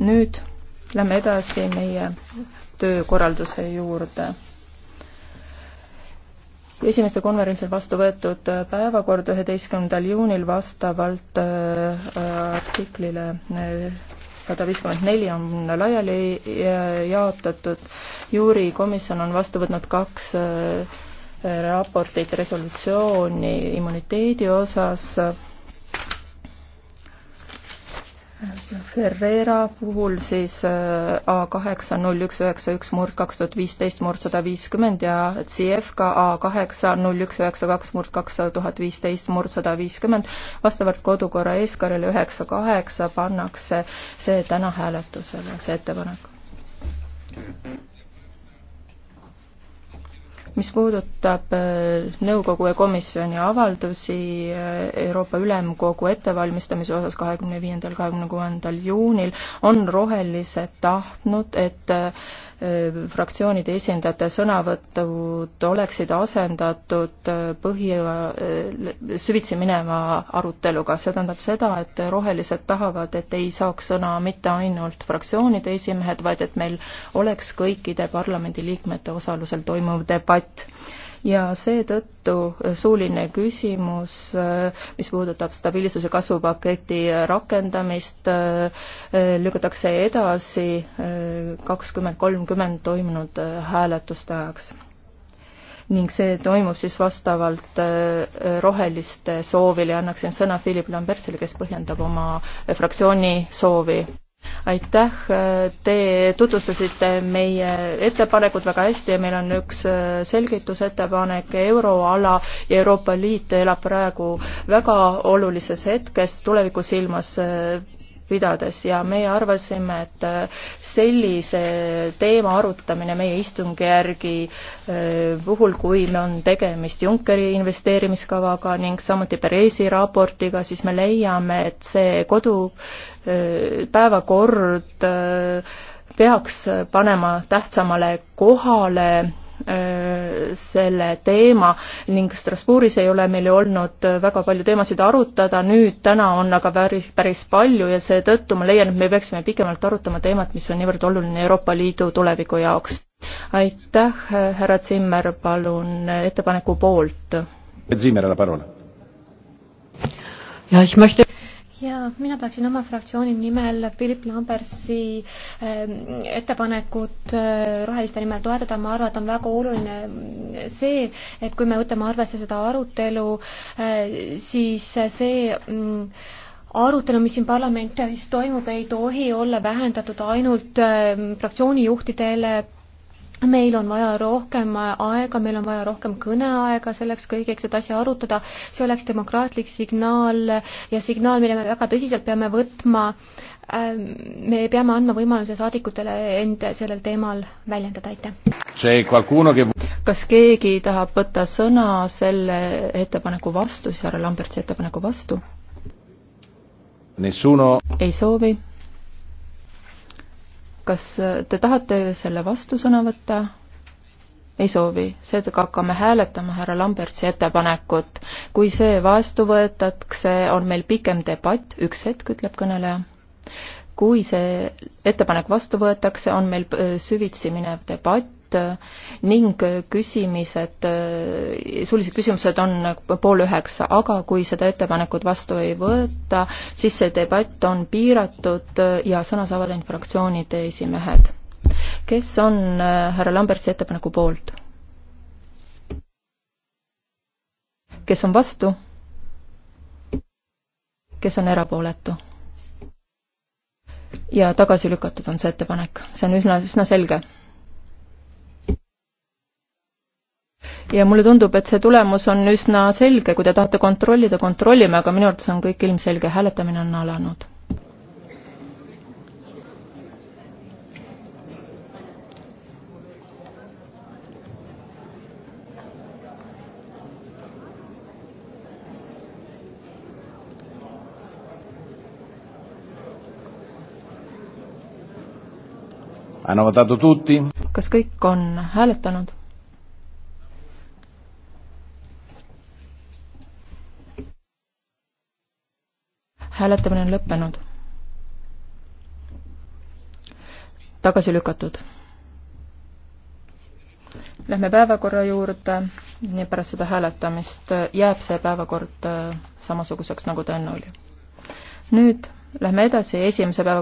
nüüd lähme edasi meie töökorralduse juurde. esimesel konverentsil vastu võetud päevakord üheteistkümnendal juunil vastavalt äh, artiklile äh, sada viiskümmend neli on laiali äh, jaotatud. juurikomisjon on vastu võtnud kaks raportit resolutsiooni immuniteedi osas Ferreira puhul siis äh, A kaheksa null üks üheksa üks murd kaks tuhat viisteist murd sada viiskümmend ja CFK A kaheksa null üks üheksa kaks murd kakssada tuhat viisteist murd sada viiskümmend vastavalt kodukorra eeskirjale üheksa kaheksa pannakse see täna hääletusele, see ettepanek mis puudutab äh, nõukogu ja komisjoni avaldusi äh, Euroopa Ülemkogu ettevalmistamise osas kahekümne viiendal, kahekümne kuuendal juunil, on rohelised tahtnud, et äh, fraktsioonide esindajate sõnavõtud oleksid asendatud põhi, süvitsi mineva aruteluga. see tähendab seda, et rohelised tahavad, et ei saaks sõna mitte ainult fraktsioonide esimehed, vaid et meil oleks kõikide parlamendiliikmete osalusel toimuv debatt Euroopat ja seetõttu suuline küsimus, mis puudutab stabiilsuse kasvupaketi rakendamist, lükatakse edasi eh, kakskümmend kolmkümmend toimunud eh, hääletuste ajaks. ning see toimub siis vastavalt eh, roheliste soovile ja annaksin sõna Philip Lambertsile, kes põhjendab oma fraktsiooni soovi aitäh, te tutvustasite meie ettepanekut väga hästi ja meil on üks äh, selgitusettepanek, euroala ja Euroopa Liit elab praegu väga olulises hetkes tulevikku silmas pidades ja meie arvasime, et äh, sellise teema arutamine meie istungjärgi äh, puhul, kui meil on tegemist Junckeri investeerimiskavaga ning samuti Perezi raportiga, siis me leiame, et see kodu äh, päevakord peaks panema tähtsamale kohale selle teema ning Strasbourgis ei ole meil ju olnud väga palju teemasid arutada, nüüd täna on aga päris, päris palju ja seetõttu ma leian, et me peaksime pikemalt arutama teemat, mis on niivõrd oluline Euroopa Liidu tuleviku jaoks. aitäh, härra Zimmer, palun ettepaneku poolt. Zimmer, ära palun. jah, ma ütlen ja mina tahaksin oma fraktsiooni nimel Philip Lambertsi ähm, ettepanekut äh, roheliste nimel toetada, ma arvan, et on väga oluline see, et kui me võtame arvesse seda arutelu, äh, siis see mm, arutelu, mis siin parlamentis toimub, ei tohi olla vähendatud ainult ähm, fraktsioonijuhtidele meil on vaja rohkem aega, meil on vaja rohkem kõneaega selleks kõigeks, et asja arutada, see oleks demokraatlik signaal ja signaal, mille me väga tõsiselt peame võtma. Ähm, me peame andma võimaluse saadikutele end sellel teemal väljendada, aitäh. kas keegi tahab võtta sõna selle ettepaneku vastu, siis härra Lambertsi ettepaneku vastu? ei soovi kas te tahate selle vastu sõna võtta? ei soovi, seetõttu hakkame hääletama härra Lambertsi ettepanekut. kui see vastu võetakse, on meil pikem debatt, üks hetk, ütleb kõneleja. kui see ettepanek vastu võetakse, on meil äh, süvitsi minev debatt, liit ning küsimised, suulised küsimused on pool üheksa, aga kui seda ettepanekut vastu ei võeta, siis see debatt on piiratud ja sõna saavad ainult fraktsioonide esimehed. kes on äh, härra Lambertsi ettepaneku poolt? kes on vastu? kes on erapooletu? ja tagasi lükatud on see ettepanek, see on üsna, üsna selge ja mulle tundub, et see tulemus on üsna selge, kui te tahate kontrollida, kontrollime, aga minu arvates on kõik ilmselge, hääletamine on alanud. kas kõik on hääletanud? hääletamine on lõppenud. tagasi lükatud. Lähme päevakorra juurde ja pärast seda hääletamist jääb see päevakord äh, samasuguseks, nagu ta enne oli. nüüd lähme edasi esimese päeva